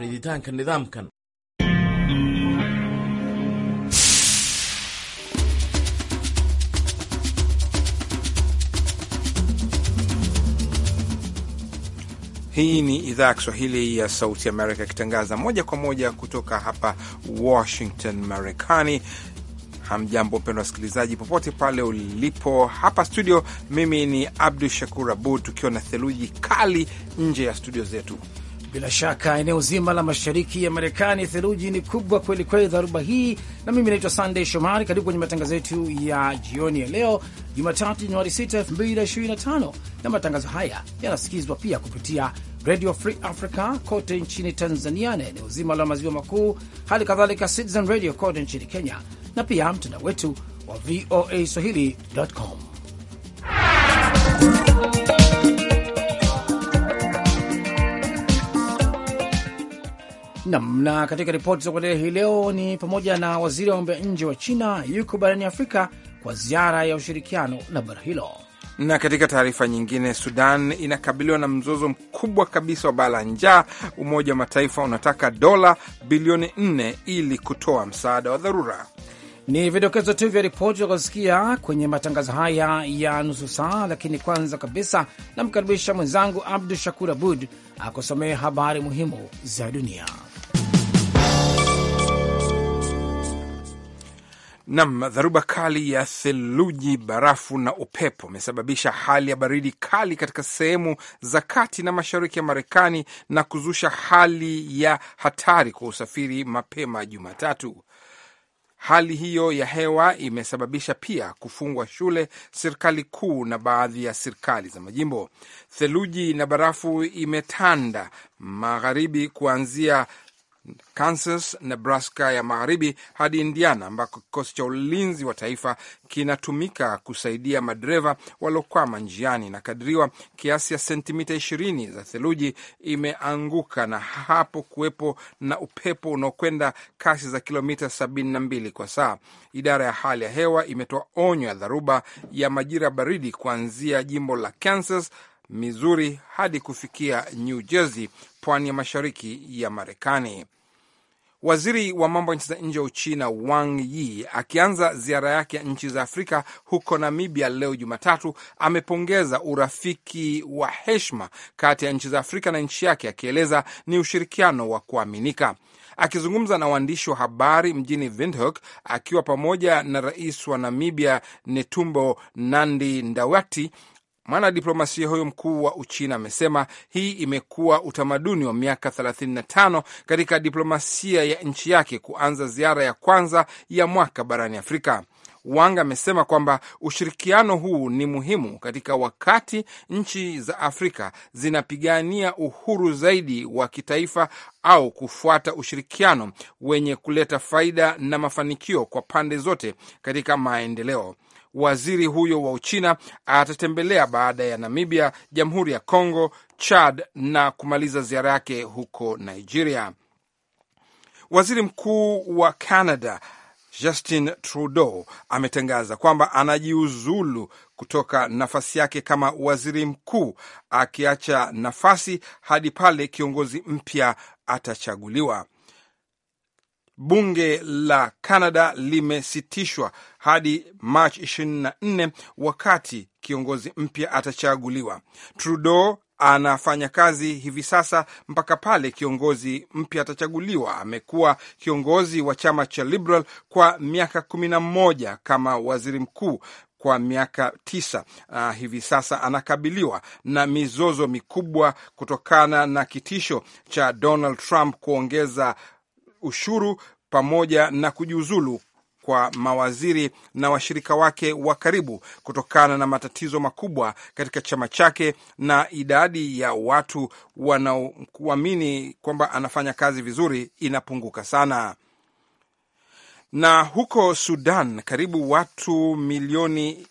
riditaanka nidaamkan. Hii ni idhaa ya Kiswahili ya Sauti Amerika ikitangaza moja kwa moja kutoka hapa Washington, Marekani. Hamjambo mpendwa wasikilizaji, popote pale ulipo. Hapa studio, mimi ni Abdu Shakur Abud, tukiwa na theluji kali nje ya studio zetu. Bila shaka eneo zima la mashariki ya Marekani theluji ni kubwa kweli kweli, dharuba hii. Na mimi naitwa sandey Shomari, karibu kwenye matangazo yetu ya jioni ya leo Jumatatu, Januari 6, 2025. Na matangazo haya yanasikizwa pia kupitia Radio Free Africa kote nchini Tanzania na eneo zima la maziwa makuu, hali kadhalika Citizen Radio kote nchini Kenya, na pia mtandao wetu wa voa swahili.com. Nam na katika ripoti za kuendelea hii leo ni pamoja na waziri wa mambo ya nje wa China yuko barani Afrika kwa ziara ya ushirikiano na bara hilo. Na katika taarifa nyingine, Sudan inakabiliwa na mzozo mkubwa kabisa wa baa la njaa. Umoja wa Mataifa unataka dola bilioni nne ili kutoa msaada wa dharura. Ni vidokezo tu vya ripoti ya kusikia kwenye matangazo haya ya nusu saa, lakini kwanza kabisa namkaribisha mwenzangu Abdu Shakur Abud akusomee habari muhimu za dunia. Nam, dharuba kali ya theluji, barafu na upepo imesababisha hali ya baridi kali katika sehemu za kati na mashariki ya Marekani na kuzusha hali ya hatari kwa usafiri mapema Jumatatu. Hali hiyo ya hewa imesababisha pia kufungwa shule, serikali kuu na baadhi ya serikali za majimbo. Theluji na barafu imetanda magharibi kuanzia Kansas, Nebraska ya magharibi hadi Indiana, ambako kikosi cha ulinzi wa taifa kinatumika kusaidia madereva waliokwama njiani. inakadiriwa kiasi ya sentimita ishirini za theluji imeanguka, na hapo kuwepo na upepo unaokwenda kasi za kilomita sabini na mbili kwa saa. Idara ya hali ya hewa imetoa onyo ya dharuba ya majira baridi kuanzia jimbo la Kansas, Missouri hadi kufikia New Jersey, pwani ya mashariki ya Marekani. Waziri wa mambo ya nchi za nje wa Uchina Wang Yi akianza ziara yake ya nchi za Afrika huko Namibia leo Jumatatu, amepongeza urafiki wa heshima kati ya nchi za Afrika na nchi yake, akieleza ni ushirikiano wa kuaminika. Akizungumza na waandishi wa habari mjini Windhoek akiwa pamoja na rais wa Namibia Netumbo Nandi Ndawati, Mwanadiplomasia huyo mkuu wa Uchina amesema hii imekuwa utamaduni wa miaka 35 katika diplomasia ya nchi yake kuanza ziara ya kwanza ya mwaka barani Afrika. Wang amesema kwamba ushirikiano huu ni muhimu katika wakati nchi za Afrika zinapigania uhuru zaidi wa kitaifa au kufuata ushirikiano wenye kuleta faida na mafanikio kwa pande zote katika maendeleo waziri huyo wa Uchina atatembelea baada ya Namibia, Jamhuri ya Kongo, Chad na kumaliza ziara yake huko Nigeria. Waziri mkuu wa Canada Justin Trudeau ametangaza kwamba anajiuzulu kutoka nafasi yake kama waziri mkuu, akiacha nafasi hadi pale kiongozi mpya atachaguliwa bunge la Canada limesitishwa hadi mach 24 wakati kiongozi mpya atachaguliwa. Trudeau anafanya kazi hivi sasa mpaka pale kiongozi mpya atachaguliwa. Amekuwa kiongozi wa chama cha Liberal kwa miaka kumi na mmoja kama waziri mkuu kwa miaka tisa na ah, hivi sasa anakabiliwa na mizozo mikubwa kutokana na kitisho cha Donald Trump kuongeza ushuru pamoja na kujiuzulu kwa mawaziri na washirika wake wa karibu kutokana na matatizo makubwa katika chama chake na idadi ya watu wanaokuamini kwamba anafanya kazi vizuri inapunguka sana. Na huko Sudan, karibu watu milioni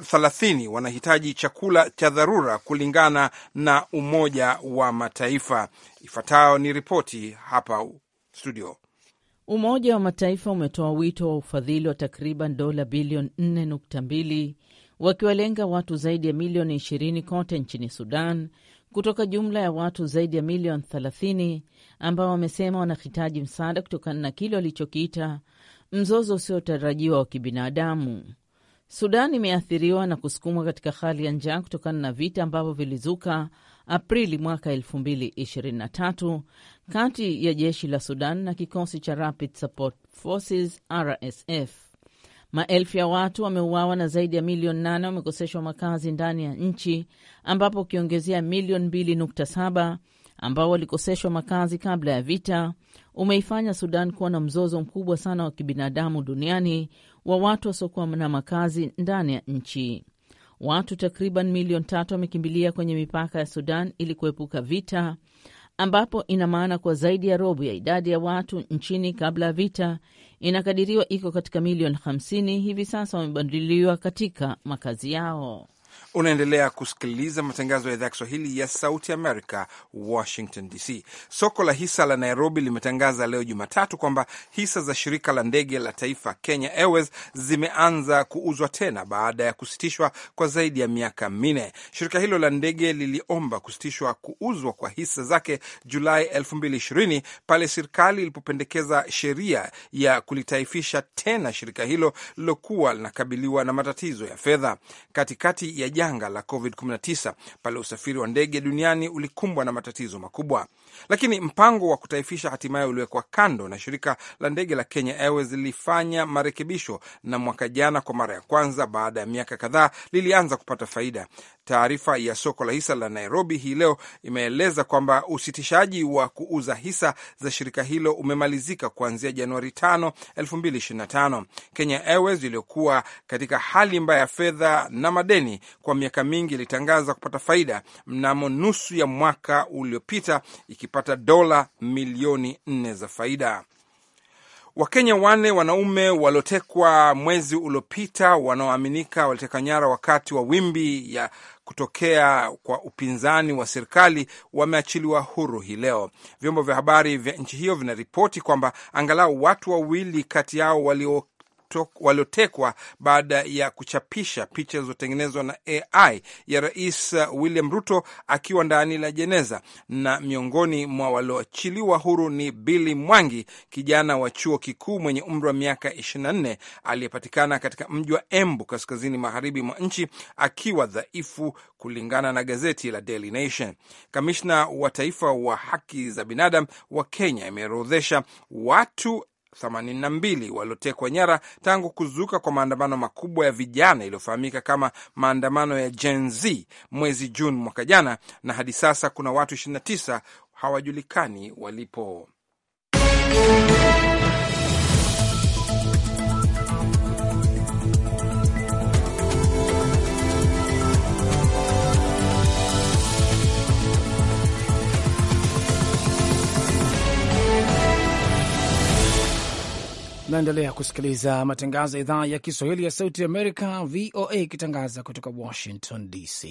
thelathini wanahitaji chakula cha dharura kulingana na Umoja wa Mataifa. Ifuatayo ni ripoti hapa studio. Umoja wa Mataifa umetoa wito wa ufadhili wa takriban dola bilioni 4.2 wakiwalenga watu zaidi ya milioni 20 kote nchini Sudan kutoka jumla ya watu zaidi ya milioni 30 ambao wamesema wanahitaji msaada kutokana na kile walichokiita mzozo usiotarajiwa wa kibinadamu. Sudan imeathiriwa na kusukumwa katika hali ya njaa kutokana na vita ambavyo vilizuka Aprili mwaka 2023 kati ya jeshi la Sudan na kikosi cha Rapid Support Forces RSF. Maelfu ya watu wameuawa na zaidi ya milioni 8 wamekoseshwa makazi ndani ya nchi, ambapo ukiongezea milioni 2.7 ambao walikoseshwa makazi kabla ya vita, umeifanya Sudan kuwa na mzozo mkubwa sana wa kibinadamu duniani wa watu wasiokuwa na makazi ndani ya nchi. Watu takriban milioni tatu wamekimbilia kwenye mipaka ya Sudan ili kuepuka vita, ambapo ina maana kuwa zaidi ya robo ya idadi ya watu nchini kabla ya vita inakadiriwa iko katika milioni 50, hivi sasa wamebadiliwa katika makazi yao. Unaendelea kusikiliza matangazo ya idhaa ya Kiswahili ya Sauti Amerika, Washington DC. Soko la hisa la Nairobi limetangaza leo Jumatatu kwamba hisa za shirika la ndege la taifa Kenya Airways zimeanza kuuzwa tena baada ya kusitishwa kwa zaidi ya miaka minne. Shirika hilo la ndege liliomba kusitishwa kuuzwa kwa hisa zake Julai 2020 pale serikali ilipopendekeza sheria ya kulitaifisha tena shirika hilo lilokuwa linakabiliwa na matatizo ya fedha katikati ya janga la COVID-19 pale usafiri wa ndege duniani ulikumbwa na matatizo makubwa. Lakini mpango wa kutaifisha hatimaye uliwekwa kando na shirika la ndege la Kenya Airways lilifanya marekebisho, na mwaka jana kwa mara ya kwanza baada ya miaka kadhaa lilianza kupata faida. Taarifa ya soko la hisa la Nairobi hii leo imeeleza kwamba usitishaji wa kuuza hisa za shirika hilo umemalizika kuanzia Januari 5, 2025. Kenya Airways iliyokuwa katika hali mbaya ya fedha na madeni kwa miaka mingi ilitangaza kupata faida mnamo nusu ya mwaka uliopita ikipata dola milioni nne za faida. Wakenya wanne wanaume waliotekwa mwezi uliopita wanaoaminika waliteka nyara wakati wa wimbi ya kutokea kwa upinzani wa serikali wameachiliwa huru hii leo. Vyombo vya habari vya nchi hiyo vinaripoti kwamba angalau watu wawili kati yao walio waliotekwa baada ya kuchapisha picha zilizotengenezwa na AI ya Rais uh, William Ruto akiwa ndani la jeneza, na miongoni mwa walioachiliwa huru ni Billy Mwangi, kijana wa chuo kikuu mwenye umri wa miaka 24 aliyepatikana katika mji wa Embu kaskazini magharibi mwa nchi akiwa dhaifu, kulingana na gazeti la Daily Nation. Kamishna wa taifa wa haki za binadamu wa Kenya imeorodhesha watu 82 waliotekwa nyara tangu kuzuka kwa maandamano makubwa ya vijana iliyofahamika kama maandamano ya Gen Z mwezi Juni mwaka jana, na hadi sasa kuna watu 29 hawajulikani walipo. Naendelea kusikiliza matangazo ya idhaa ya Kiswahili ya Sauti Amerika, VOA, ikitangaza kutoka Washington DC.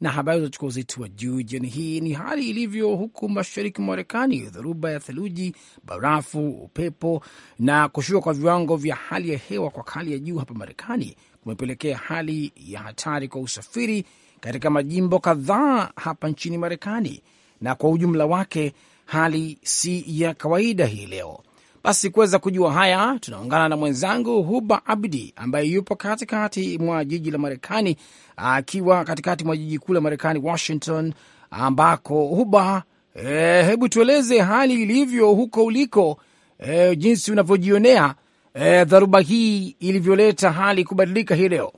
Na habari zachukua uzito wa juu jioni hii ni hali ilivyo huku mashariki mwa Marekani, dhoruba ya theluji, barafu, upepo na kushuka kwa viwango vya hali ya hewa kwa hali ya juu hapa Marekani kumepelekea hali ya hatari kwa usafiri katika majimbo kadhaa hapa nchini Marekani, na kwa ujumla wake hali si ya kawaida hii leo basi kuweza kujua haya, tunaungana na mwenzangu Huba Abdi ambaye yupo katikati mwa jiji la Marekani, akiwa katikati mwa jiji kuu la Marekani, Washington, ambako Huba, e, hebu tueleze hali ilivyo huko uliko, e, jinsi unavyojionea e, eh, dharuba hii ilivyoleta hali kubadilika hii leo.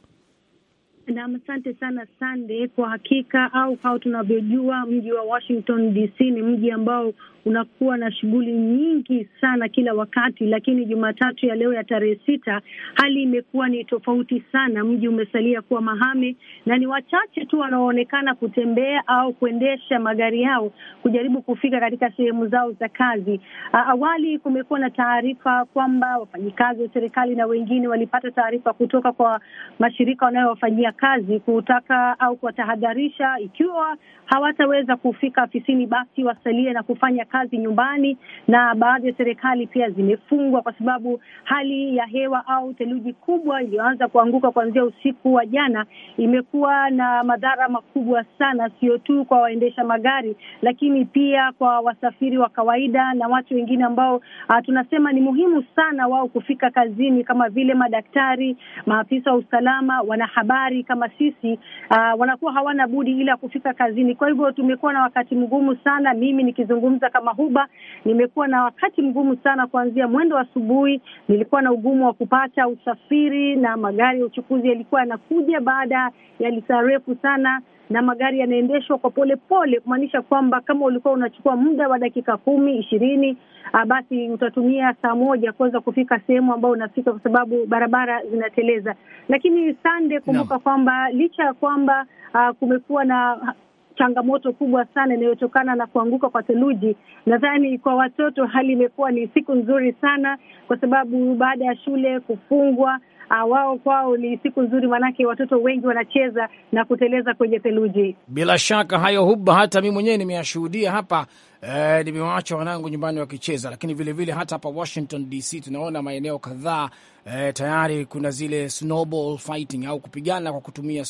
Nam, asante sana Sande. Kwa hakika au kama tunavyojua mji wa Washington DC ni mji ambao unakuwa na shughuli nyingi sana kila wakati, lakini Jumatatu ya leo ya tarehe sita hali imekuwa ni tofauti sana. Mji umesalia kuwa mahame na ni wachache tu wanaoonekana kutembea au kuendesha magari yao kujaribu kufika katika sehemu zao za kazi. Awali kumekuwa na taarifa kwamba wafanyikazi wa serikali na wengine walipata taarifa kutoka kwa mashirika wanayowafanyia kazi kutaka au kuwatahadharisha ikiwa hawataweza kufika afisini, basi wasalie na kufanya kazi kazi nyumbani, na baadhi ya serikali pia zimefungwa kwa sababu hali ya hewa au theluji kubwa iliyoanza kuanguka kuanzia usiku wa jana imekuwa na madhara makubwa sana, sio tu kwa waendesha magari, lakini pia kwa wasafiri wa kawaida na watu wengine ambao uh, tunasema ni muhimu sana wao kufika kazini kama vile madaktari, maafisa wa usalama, wanahabari kama sisi uh, wanakuwa hawana budi ila kufika kazini. Kwa hivyo tumekuwa na wakati mgumu sana, mimi nikizungumza kama Huba, nimekuwa na wakati mgumu sana kuanzia mwendo asubuhi. Nilikuwa na ugumu wa kupata usafiri na magari ya uchukuzi yalikuwa yanakuja baada ya lisaa refu sana na magari yanaendeshwa kwa polepole, kumaanisha kwamba kama ulikuwa unachukua muda wa dakika kumi ishirini, ah, basi utatumia saa moja kuweza kufika sehemu ambayo unafika, kwa sababu barabara zinateleza. Lakini Sande, kumbuka no. kwamba licha ya kwamba uh, kumekuwa na changamoto kubwa sana inayotokana na kuanguka kwa theluji. Nadhani kwa watoto hali imekuwa ni siku nzuri sana, kwa sababu baada ya shule kufungwa Uh, wao kwao ni siku nzuri, maanake watoto wengi wanacheza na kuteleza kwenye theluji. Bila shaka hayo huba, hata mi mwenyewe nimeyashuhudia hapa eh, nimewaacha wanangu nyumbani wakicheza, lakini vilevile vile hata hapa Washington DC tunaona maeneo kadhaa eh, tayari kuna zile snowball fighting au kupigana kwa kutumia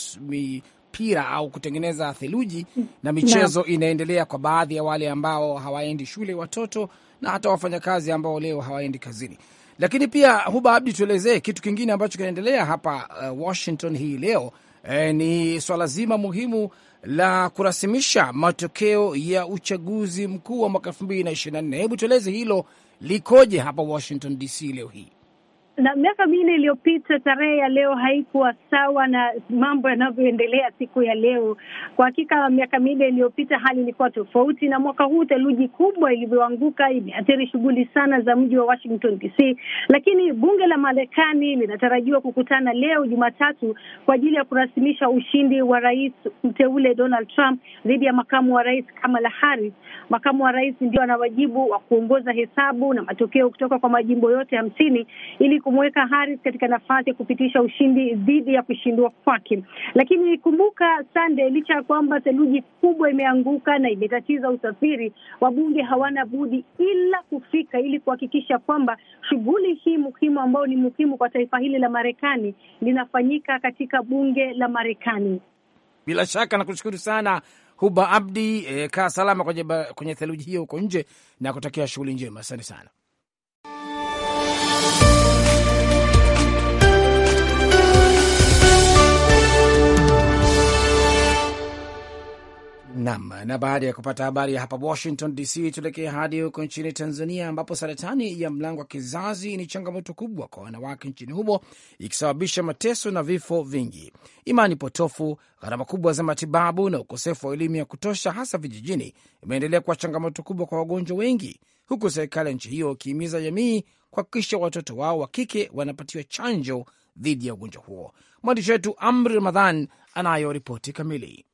mpira au kutengeneza theluji na michezo no. inaendelea kwa baadhi ya wale ambao hawaendi shule, watoto na hata wafanyakazi ambao leo hawaendi kazini. Lakini pia Huba Abdi, tuelezee kitu kingine ambacho kinaendelea hapa uh, Washington hii leo eh, ni swala zima muhimu la kurasimisha matokeo ya uchaguzi mkuu wa mwaka elfu mbili na ishirini na nne. Hebu tueleze hilo likoje hapa Washington DC leo hii? na miaka minne iliyopita, tarehe ya leo haikuwa sawa na mambo yanavyoendelea siku ya leo. Kwa hakika miaka minne iliyopita hali ilikuwa tofauti, na mwaka huu theluji kubwa ilivyoanguka imeathiri shughuli sana za mji wa Washington DC. Lakini bunge la Marekani linatarajiwa kukutana leo Jumatatu kwa ajili ya kurasimisha ushindi wa rais mteule Donald Trump dhidi ya makamu wa rais Kamala Harris. Makamu wa rais ndio ana wajibu wa kuongoza hesabu na matokeo kutoka kwa majimbo yote hamsini ili kumweka Harris katika nafasi ya kupitisha ushindi dhidi ya kushindwa kwake. Lakini kumbuka Sande, licha ya kwamba theluji kubwa imeanguka na imetatiza usafiri, wabunge hawana budi ila kufika ili kuhakikisha kwamba shughuli hii muhimu ambayo ni muhimu kwa taifa hili la Marekani linafanyika katika bunge la Marekani. Bila shaka nakushukuru sana Huba Abdi. E, kaa salama kwenye, kwenye theluji hiyo huko nje na kutakia shughuli njema. Asante sana. Nam na baada ya kupata habari ya hapa Washington DC, tuelekee hadi huko nchini Tanzania, ambapo saratani ya mlango wa kizazi ni changamoto kubwa kwa wanawake nchini humo, ikisababisha mateso na vifo vingi. Imani potofu, gharama kubwa za matibabu na ukosefu wa elimu ya kutosha, hasa vijijini, imeendelea kuwa changamoto kubwa kwa wagonjwa wengi, huku serikali ya nchi hiyo ikihimiza jamii kuhakikisha watoto wao wa kike wanapatiwa chanjo dhidi ya ugonjwa huo. Mwandishi wetu Amri Ramadhan anayo ripoti kamili.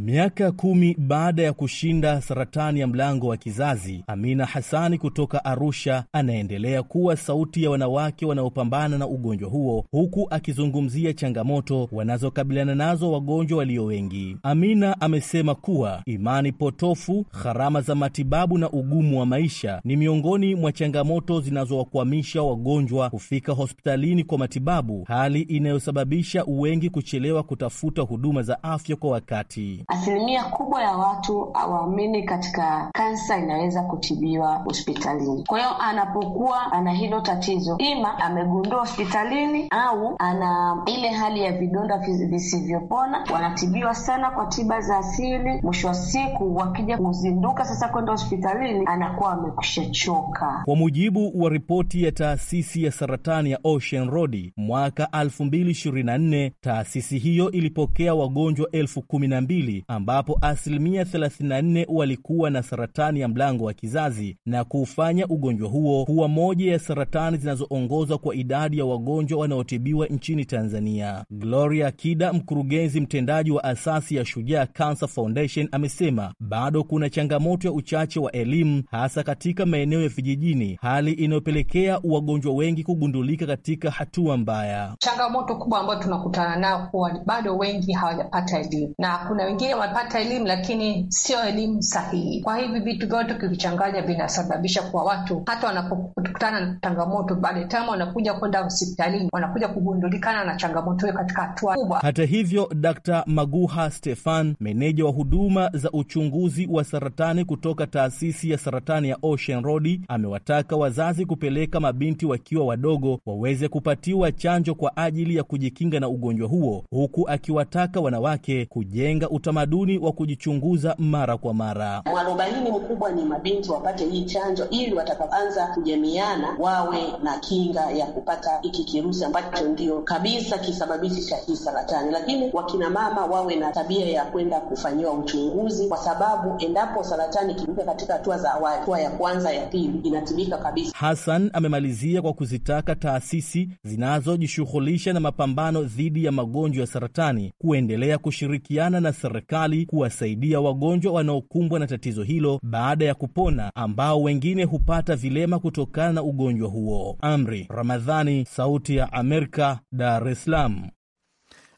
Miaka kumi baada ya kushinda saratani ya mlango wa kizazi, Amina Hasani kutoka Arusha anaendelea kuwa sauti ya wanawake wanaopambana na ugonjwa huo, huku akizungumzia changamoto wanazokabiliana nazo wagonjwa walio wengi. Amina amesema kuwa imani potofu, gharama za matibabu na ugumu wa maisha ni miongoni mwa changamoto zinazowakwamisha wagonjwa kufika hospitalini kwa matibabu, hali inayosababisha wengi kuchelewa kutafuta huduma za afya kwa wakati. Asilimia kubwa ya watu hawaamini katika kansa inaweza kutibiwa hospitalini. Kwa hiyo anapokuwa ana hilo tatizo, ima amegundua hospitalini au ana ile hali ya vidonda visivyopona, wanatibiwa sana kwa tiba za asili. Mwisho wa siku wakija kuzinduka sasa kwenda hospitalini, anakuwa amekusha choka. Kwa mujibu wa ripoti ya taasisi ya saratani ya Ocean Road mwaka 2024, taasisi hiyo ilipokea wagonjwa elfu kumi na mbili ambapo asilimia 34 walikuwa na saratani ya mlango wa kizazi na kuufanya ugonjwa huo kuwa moja ya saratani zinazoongoza kwa idadi ya wagonjwa wanaotibiwa nchini Tanzania. Gloria Kida, mkurugenzi mtendaji wa asasi ya Shujaa Cancer Foundation, amesema bado kuna changamoto ya uchache wa elimu hasa katika maeneo ya vijijini, hali inayopelekea wagonjwa wengi kugundulika katika hatua mbaya. Changamoto kubwa ambayo tunakutana nayo kuwa bado wengi hawajapata elimu na kuna wengi wengine wamepata elimu lakini sio elimu sahihi. Kwa hivi vitu vyote ukivichanganya vinasababisha kwa watu hata wanapokutana na changamoto, baada tama wanakuja kwenda hospitalini wanakuja kugundulikana na changamoto hiyo katika hatua kubwa. Hata hivyo, Dr. Maguha Stefan, meneja wa huduma za uchunguzi wa saratani kutoka taasisi ya saratani ya Ocean Road, amewataka wazazi kupeleka mabinti wakiwa wadogo waweze kupatiwa chanjo kwa ajili ya kujikinga na ugonjwa huo, huku akiwataka wanawake kujenga utamaduni wa kujichunguza mara kwa mara. Mwarobaini mkubwa ni mabinti wapate hii chanjo, ili watakapoanza kujamiana wawe na kinga ya kupata hiki kirusi ambacho ndio kabisa kisababishi cha hii saratani. Lakini wakinamama wawe na tabia ya kwenda kufanyiwa uchunguzi, kwa sababu endapo saratani ikiuka katika hatua za awali, hatua ya kwanza, ya pili, inatibika kabisa. Hassan amemalizia kwa kuzitaka taasisi zinazojishughulisha na mapambano dhidi ya magonjwa ya saratani kuendelea kushirikiana na serikali kuwasaidia wagonjwa wanaokumbwa na tatizo hilo baada ya kupona, ambao wengine hupata vilema kutokana na ugonjwa huo. Amri Ramadhani, Sauti ya Amerika, Dar es Salaam.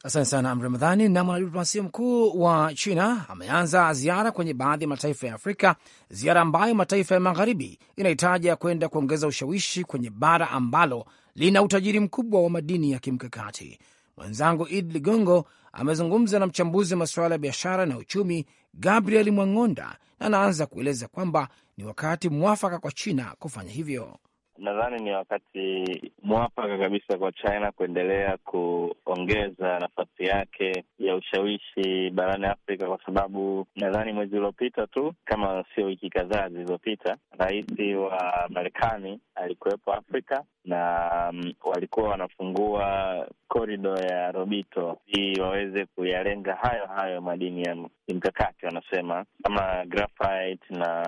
Asante sana Amri Ramadhani. Na mwanadiplomasia mkuu wa China ameanza ziara kwenye baadhi ya mataifa ya Afrika, ziara ambayo mataifa ya magharibi inahitaja kwenda kuongeza ushawishi kwenye bara ambalo lina utajiri mkubwa wa madini ya kimkakati. Mwenzangu Id Ligongo amezungumza na mchambuzi wa masuala ya biashara na uchumi Gabriel Mwang'onda na anaanza kueleza kwamba ni wakati mwafaka kwa China kufanya hivyo nadhani ni wakati mwafaka kabisa kwa China kuendelea kuongeza nafasi yake ya ushawishi barani Afrika, kwa sababu nadhani mwezi uliopita tu, kama sio wiki kadhaa zilizopita, rais wa Marekani alikuwepo Afrika na um, walikuwa wanafungua korido ya Robito ili waweze kuyalenga hayo hayo madini ya kimkakati, wanasema kama graphite na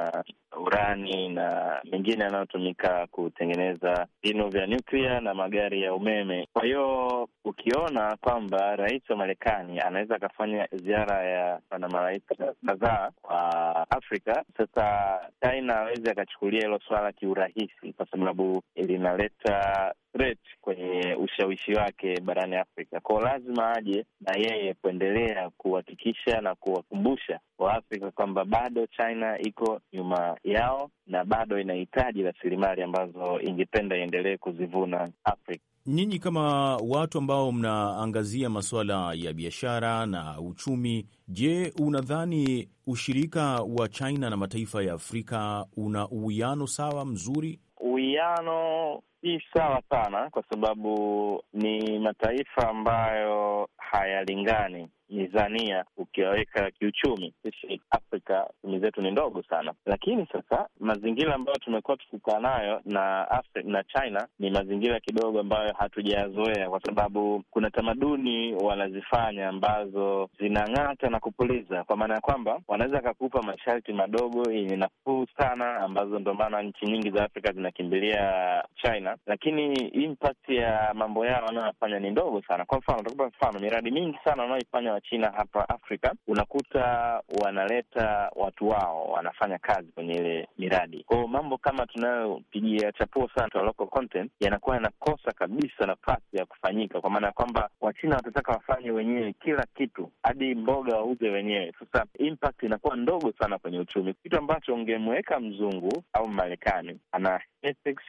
urani na mengine yanayotumika kutengeneza vinu vya nyuklia na magari ya umeme. Kwa hiyo ukiona kwamba rais wa Marekani anaweza akafanya ziara ya na marais kadhaa wa Afrika, sasa China awezi akachukulia hilo swala kiurahisi, kwa sababu linaleta threat kwenye ushawishi wake barani Afrika. Kwao lazima aje na yeye kuendelea kuhakikisha na kuwakumbusha Waafrika kwamba bado China iko nyuma yao na bado inahitaji rasilimali ambazo ingependa iendelee kuzivuna Afrika. Nyinyi kama watu ambao mnaangazia masuala ya biashara na uchumi, je, unadhani ushirika wa China na mataifa ya Afrika una uwiano sawa mzuri? Uwiano si sawa sana, kwa sababu ni mataifa ambayo hayalingani mizania ukiwaweka kiuchumi. Sisi Afrika chumi zetu ni ndogo sana, lakini sasa mazingira ambayo tumekuwa tukikaa nayo na Afri na China ni mazingira kidogo ambayo hatujayazoea, kwa sababu kuna tamaduni wanazifanya ambazo zinang'ata na kupuliza, kwa maana ya kwamba wanaweza akakupa masharti madogo yenye nafuu sana, ambazo ndo maana nchi nyingi za Afrika zinakimbilia China, lakini impact ya mambo yao wanayoyafanya ni ndogo sana. Kwa mfano, takupa mfano miradi mingi sana wanaoifanya china hapa Afrika, unakuta wanaleta watu wao wanafanya kazi kwenye ile miradi. Kwa hiyo mambo kama tunayopigia chapuo sana ya local content yanakuwa yanakosa kabisa nafasi ya kufanyika, kwa maana ya kwamba Wachina watataka wafanye wenyewe kila kitu, hadi mboga wauze wenyewe. Sasa impact inakuwa ndogo sana kwenye uchumi, kitu ambacho ungemweka mzungu au Marekani ana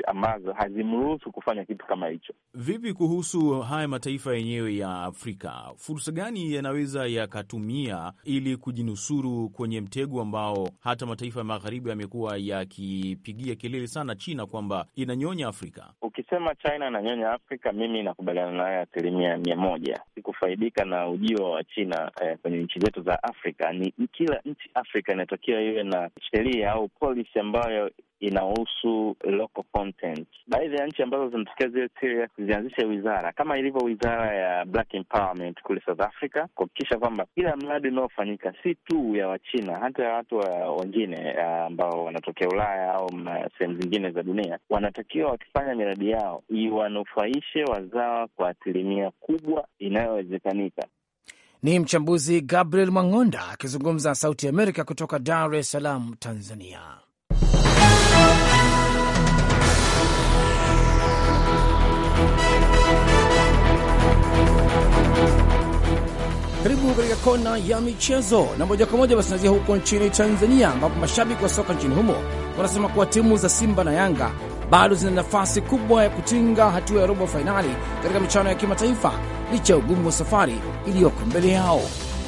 ambazo hazimruhusu kufanya kitu kama hicho. Vipi kuhusu haya mataifa yenyewe ya Afrika, fursa gani yanawe yanaweza yakatumia ili kujinusuru kwenye mtego ambao hata mataifa ya magharibi yamekuwa yakipigia kelele sana China kwamba inanyonya Afrika. Ukisema China inanyonya Afrika, mimi nakubaliana naye asilimia mia moja. Kufaidika na ujio wa China eh, kwenye nchi zetu za Afrika ni kila nchi Afrika inatakiwa iwe na sheria au polisi ambayo inahusu local content. Baadhi ya nchi ambazo zinatokea zile serious zilianzisha wizara kama ilivyo wizara ya Black Empowerment kule South Africa, kuhakikisha kwamba kila mradi unaofanyika si tu ya Wachina, hata ya watu wengine ambao wanatokea Ulaya au sehemu zingine za dunia, wanatakiwa wakifanya miradi yao iwanufaishe wazawa kwa asilimia kubwa inayowezekanika. Ni mchambuzi Gabriel Mwang'onda akizungumza Sauti ya Amerika kutoka Dar es Salaam, Tanzania. Karibu katika kona ya michezo, na moja kwa moja basi nazia huko nchini Tanzania, ambapo mashabiki wa soka nchini humo wanasema kuwa timu za Simba na Yanga bado zina nafasi kubwa ya kutinga hatua ya robo fainali katika michano ya kimataifa licha ya ugumu wa safari iliyoko mbele yao.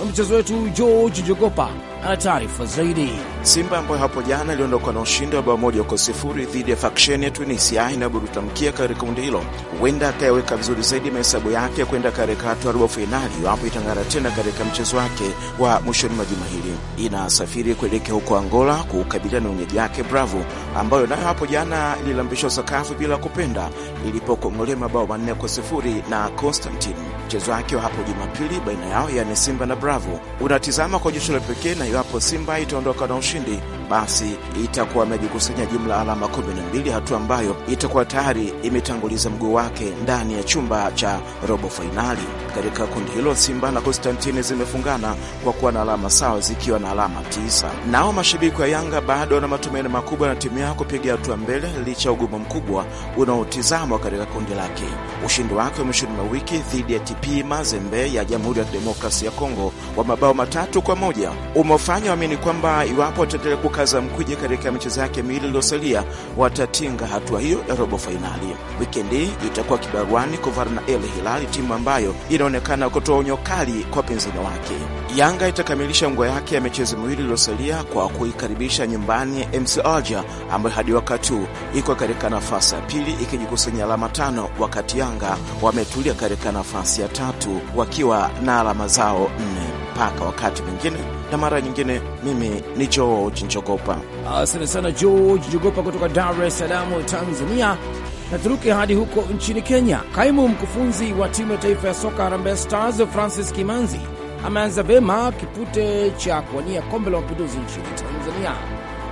michezo wetu George Jogopa ana taarifa zaidi. Simba ambayo hapo jana iliondoka na ushindi wa bao moja kwa sifuri dhidi ya fakshen ya Tunisia inayoburuta mkia katika kundi hilo, huenda akayaweka vizuri zaidi mahesabu yake kwenda katika hatua robo fainali iwapo itang'ara tena katika mchezo wake wa mwishoni mwa juma hili. Inasafiri kuelekea huko Angola kukabiliana na wenyeji wake Bravo ambayo nayo hapo jana ililambishwa sakafu bila kupenda ilipokong'olea mabao manne kwa sifuri na Constantine. Mchezo wake wa hapo Jumapili baina yao, yani Simba na Bravo, unatizama kwa jicho la pekee na iwapo Simba itaondoka na ushindi basi itakuwa amejikusanya jumla alama 12, hatua ambayo itakuwa tayari imetanguliza mguu wake ndani ya chumba cha robo fainali. Katika kundi hilo, Simba na Konstantini zimefungana kwa kuwa na alama sawa zikiwa na alama tisa. Nao mashabiki wa Yanga bado wana matumaini makubwa na timu yao kupiga hatua mbele licha ya ugumu mkubwa unaotizamwa katika kundi lake. Ushindi wake mwishoni mwa wiki dhidi ya TP Mazembe ya Jamhuri ya Kidemokrasia ya Kongo wa mabao matatu kwa moja umefanya waamini kwamba iwapo wataendelea Azam kuja katika michezo yake miwili iliyosalia watatinga hatua hiyo ya robo fainali. Wikendi hii itakuwa kibaruani kuvana na El Hilali, timu ambayo inaonekana kutoa onyo kali kwa pinzani wake. Yanga itakamilisha nguo yake ya michezo miwili iliyosalia kwa kuikaribisha nyumbani MC Alger ambayo hadi wakati huu iko katika nafasi ya pili ikijikusanya alama tano, wakati Yanga wametulia katika nafasi ya tatu wakiwa na alama zao nne mpaka wakati mwingine na mara nyingine. Mimi ni George Njogopa. Asante sana George Njogopa kutoka Dar es Salaam, Tanzania. Na turuke hadi huko nchini Kenya. Kaimu mkufunzi wa timu ya taifa ya soka Harambee Stars Francis Kimanzi ameanza vyema kipute cha kuwania kombe la mapinduzi nchini Tanzania.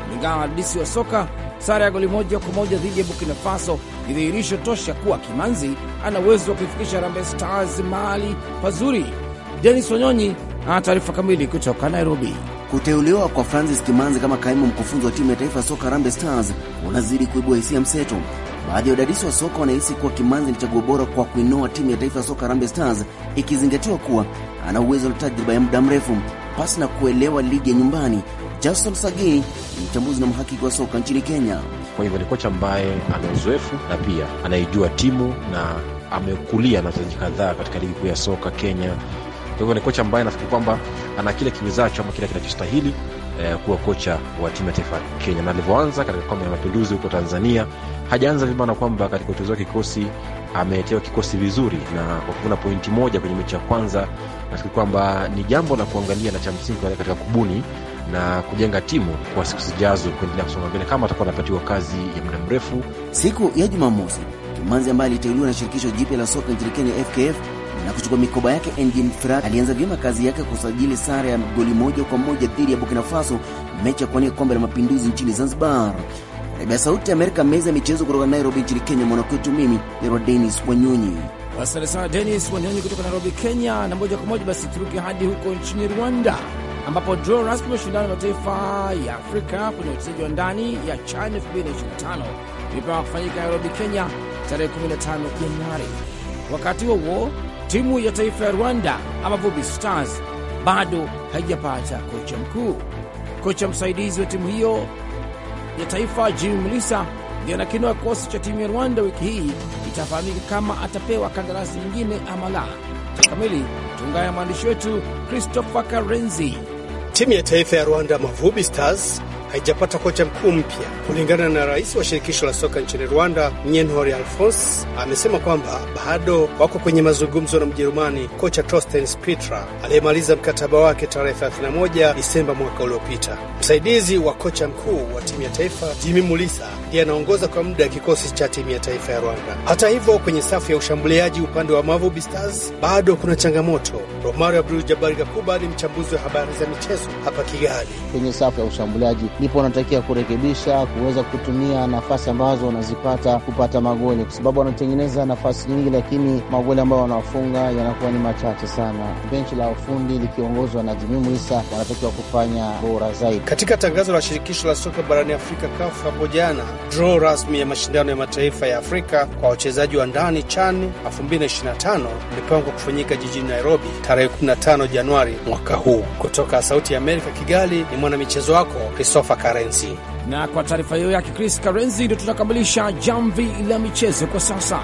Kulingana na wadadisi wa soka, sare ya goli moja kwa moja dhidi ya Burkina Faso ni tosha kuwa Kimanzi ana uwezo wa kuifikisha Harambee Stars mahali pazuri. Denis Wanyonyi ana taarifa kamili kutoka Nairobi. Kuteuliwa kwa Francis Kimanzi kama kaimu mkufunzi wa timu ya taifa soka Harambee Stars unazidi kuibua hisia mseto. Baadhi ya wadadisi wa soka wanahisi kuwa Kimanzi ni chaguo bora kwa kuinoa timu ya taifa ya soka Harambee Stars, ikizingatiwa kuwa ana uwezo na tajriba ya muda mrefu pasi na kuelewa ligi ya nyumbani. Jason sagini ni mchambuzi na mhakiki wa soka nchini Kenya. Kwa hivyo ni kocha ambaye ana uzoefu na pia anaijua timu na amekulia na wachezaji kadhaa katika ligi kuu ya soka Kenya kwa hivyo ni kocha ambaye nafikiri kwamba ana kile kiwezacho ama kile kinachostahili eh, kuwa kocha wa timu ya taifa ya Kenya, na alivyoanza katika kombe la mapinduzi huko Tanzania hajaanza vibana, kwamba katika uchezo wa kikosi ametewa kikosi vizuri na kwa kuvuna pointi moja kwenye mechi ya kwanza, nafikiri kwamba ni jambo la kuangalia na cha msingi katika kubuni na kujenga timu kwa siku zijazo kuendelea kusonga mbele kama atakuwa anapatiwa kazi ya muda mrefu. Siku ya Jumamosi, Kimanzi ambaye aliteuliwa na shirikisho jipya la soka nchini Kenya FKF na kuchukua mikoba yake. Engin Frat alianza vyema kazi yake kusajili sare ya goli moja kwa moja dhidi ya Burkina Faso, mechi ya kuwania kombe la mapinduzi nchini Zanzibar. Raiba ya Sauti ya Amerika, meza ya michezo kutoka Nairobi nchini Kenya, mwanakwetu mimi nerwa Denis Wanyonyi. Asante sana Denis Wanyonyi kutoka Nairobi, Kenya. Na moja kwa moja basi turuki hadi huko nchini Rwanda ambapo draw rasmi mashindano ya mataifa ya Afrika kwenye uchezaji wa ndani ya CHAN 2025 imepangwa kufanyika Nairobi, Kenya tarehe 15 Januari. Wakati huo huo Timu ya taifa ya Rwanda Amavubi Stars bado haijapata kocha mkuu. Kocha msaidizi wa timu hiyo ya taifa Jim Mulisa ndiye anakinoa kikosi cha timu ya Rwanda wiki hii. Itafahamika kama atapewa kandarasi nyingine ama la. Kamili tungaya mwandishi wetu Christopher Karenzi. Timu ya taifa ya Rwanda Amavubi Stars haijapata kocha mkuu mpya Kulingana na rais wa shirikisho la soka nchini Rwanda, Nyenhori Alphonse amesema kwamba bado wako kwenye mazungumzo na Mjerumani kocha Torsten Spitra aliyemaliza mkataba wake tarehe 31 Disemba mwaka uliopita. Msaidizi wa kocha mkuu wa timu ya taifa Jimmy Mulisa ndiye anaongoza kwa muda ya kikosi cha timu ya taifa ya Rwanda. Hata hivyo, kwenye safu ya ushambuliaji upande wa Mavubi Stars bado kuna changamoto. Romario Abdul Jabari Gakuba ni mchambuzi wa habari za michezo hapa Kigali. Kwenye safu ya ushambuliaji ndipo anatakiwa kurekebisha ku kuweza kutumia nafasi ambazo wanazipata kupata magoli, kwa sababu wanatengeneza nafasi nyingi, lakini magoli ambayo wanawafunga yanakuwa ni machache sana. Benchi la ufundi likiongozwa na Jimimu Mwisa wanatakiwa kufanya bora zaidi. Katika tangazo la shirikisho la soka barani Afrika CAF hapo jana, draw rasmi ya mashindano ya mataifa ya Afrika kwa wachezaji wa ndani CHAN 2025 imepangwa kufanyika jijini Nairobi tarehe 15 Januari mwaka huu. Kutoka Sauti ya Amerika Kigali, ni mwanamichezo wako Christopher Karenzi na kwa taarifa hiyo yake Chris Karenzi, ndio tunakamilisha jamvi la michezo kwa sasa.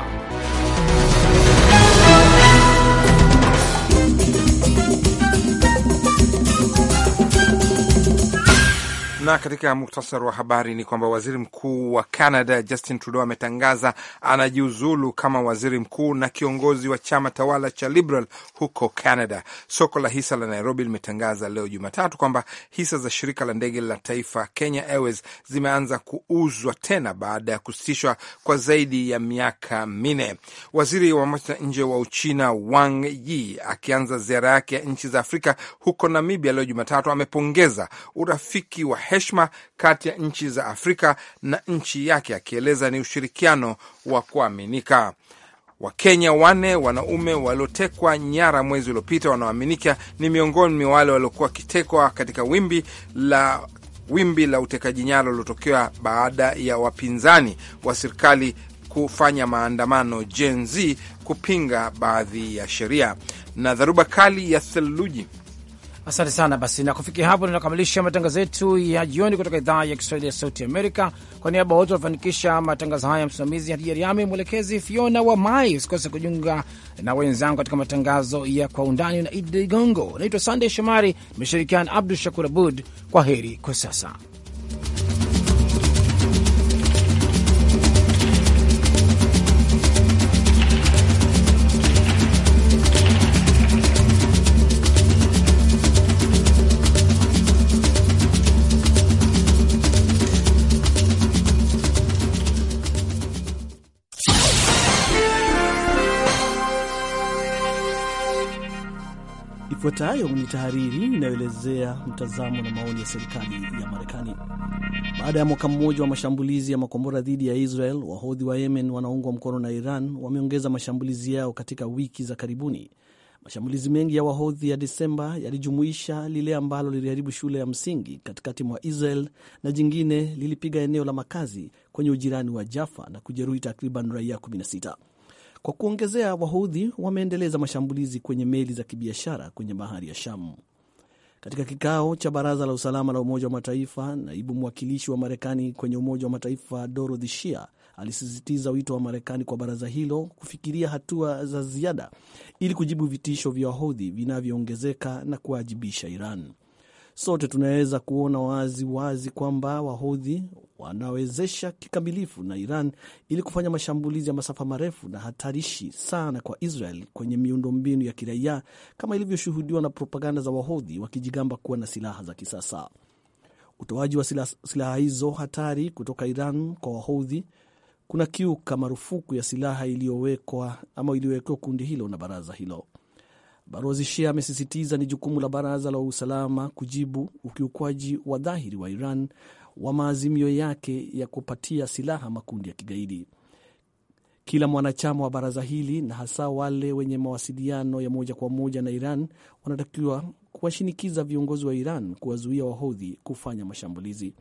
Na katika muktasar wa habari ni kwamba waziri mkuu wa Canada Justin Trudeau ametangaza anajiuzulu kama waziri mkuu na kiongozi wa chama tawala cha Liberal huko Canada. Soko la hisa la Nairobi limetangaza leo Jumatatu kwamba hisa za shirika la ndege la taifa Kenya Airways zimeanza kuuzwa tena baada ya kusitishwa kwa zaidi ya miaka minne. Waziri wa mambo ya nje wa Uchina Wang Yi akianza ziara yake ya nchi za Afrika huko Namibia leo Jumatatu amepongeza urafiki wa heshima kati ya nchi za Afrika na nchi yake, akieleza ni ushirikiano wa kuaminika. Wakenya wanne wanaume waliotekwa nyara mwezi uliopita wanaoaminika ni miongoni mwa wale waliokuwa wakitekwa katika wimbi la wimbi la utekaji nyara uliotokewa baada ya wapinzani wa serikali kufanya maandamano Gen Z kupinga baadhi ya sheria. Na dharuba kali ya theluji Asante sana. Basi na kufikia hapo, tunakamilisha matangazo yetu ya jioni kutoka idhaa ya Kiswahili ya Sauti Amerika. Kwa niaba wote walifanikisha matangazo haya, msimamizi Hadija Riami, mwelekezi Fiona wa Mai. Usikose kujiunga na wenzangu katika matangazo ya Kwa Undani na Idi Ligongo. Naitwa Sandey Shomari, imeshirikiana Abdu Shakur Abud. Kwa heri kwa sasa. Ifuatayo ni tahariri inayoelezea mtazamo na maoni ya serikali ya Marekani. Baada ya mwaka mmoja wa mashambulizi ya makombora dhidi ya Israel, wahodhi wa Yemen wanaoungwa mkono na Iran wameongeza mashambulizi yao katika wiki za karibuni. Mashambulizi mengi ya wahodhi ya Desemba yalijumuisha lile ambalo liliharibu shule ya msingi katikati mwa Israel na jingine lilipiga eneo la makazi kwenye ujirani wa Jaffa na kujeruhi takriban raia 16. Kwa kuongezea, Wahudhi wameendeleza mashambulizi kwenye meli za kibiashara kwenye bahari ya Shamu. Katika kikao cha baraza la usalama la Umoja wa Mataifa, naibu mwakilishi wa Marekani kwenye Umoja wa Mataifa Dorothy Shea alisisitiza wito wa Marekani kwa baraza hilo kufikiria hatua za ziada ili kujibu vitisho vya wahodhi vinavyoongezeka na kuwajibisha Iran. Sote tunaweza kuona wazi wazi kwamba wahodhi wanawezesha kikamilifu na Iran ili kufanya mashambulizi ya masafa marefu na hatarishi sana kwa Israel kwenye miundombinu ya kiraia kama ilivyoshuhudiwa na propaganda za Wahodhi wakijigamba kuwa na silaha za kisasa. Utoaji wa silaha silaha hizo hatari kutoka Iran kwa Wahodhi kuna kiuka marufuku ya silaha iliyowekwa ama iliyowekewa kundi hilo na baraza hilo. Balozi Shea amesisitiza ni jukumu la Baraza la Usalama kujibu ukiukwaji wa dhahiri wa Iran wa maazimio yake ya kupatia silaha makundi ya kigaidi. Kila mwanachama wa baraza hili na hasa wale wenye mawasiliano ya moja kwa moja na Iran wanatakiwa kuwashinikiza viongozi wa Iran kuwazuia wahodhi kufanya mashambulizi.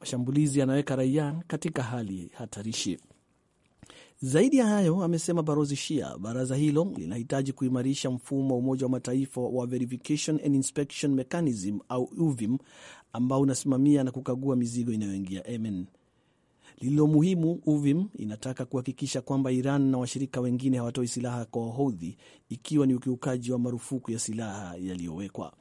Mashambulizi yanaweka raia katika hali hatarishi. Zaidi ya hayo, amesema Barozi Shia, baraza hilo linahitaji kuimarisha mfumo wa Umoja wa Mataifa wa Verification and Inspection Mechanism au UVIM ambao unasimamia na kukagua mizigo inayoingia Yemen. Lililo muhimu, UVIM inataka kuhakikisha kwamba Iran na washirika wengine hawatoi silaha kwa Wahodhi, ikiwa ni ukiukaji wa marufuku ya silaha yaliyowekwa.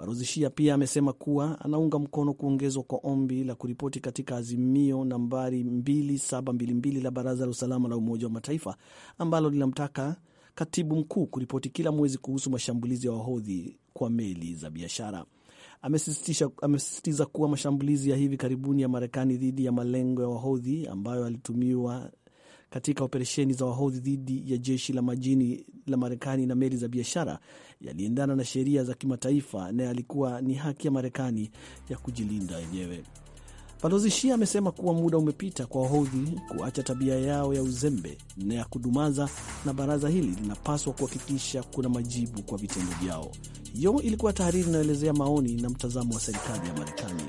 Balozi Shia pia amesema kuwa anaunga mkono kuongezwa kwa ombi la kuripoti katika azimio nambari 2722 la Baraza la Usalama la Umoja wa Mataifa ambalo linamtaka katibu mkuu kuripoti kila mwezi kuhusu mashambulizi ya wahodhi kwa meli za biashara. Amesisitiza kuwa mashambulizi ya hivi karibuni ya Marekani dhidi ya malengo ya wahodhi ambayo yalitumiwa katika operesheni za wahodhi dhidi ya jeshi la majini la Marekani na meli za biashara yaliendana na sheria za kimataifa na yalikuwa ni haki ya Marekani ya kujilinda yenyewe. Balozi Shia amesema kuwa muda umepita kwa Wahodhi kuacha tabia yao ya uzembe na ya kudumaza, na baraza hili linapaswa kuhakikisha kuna majibu kwa vitendo vyao. Hiyo ilikuwa tahariri inayoelezea maoni na mtazamo wa serikali ya Marekani.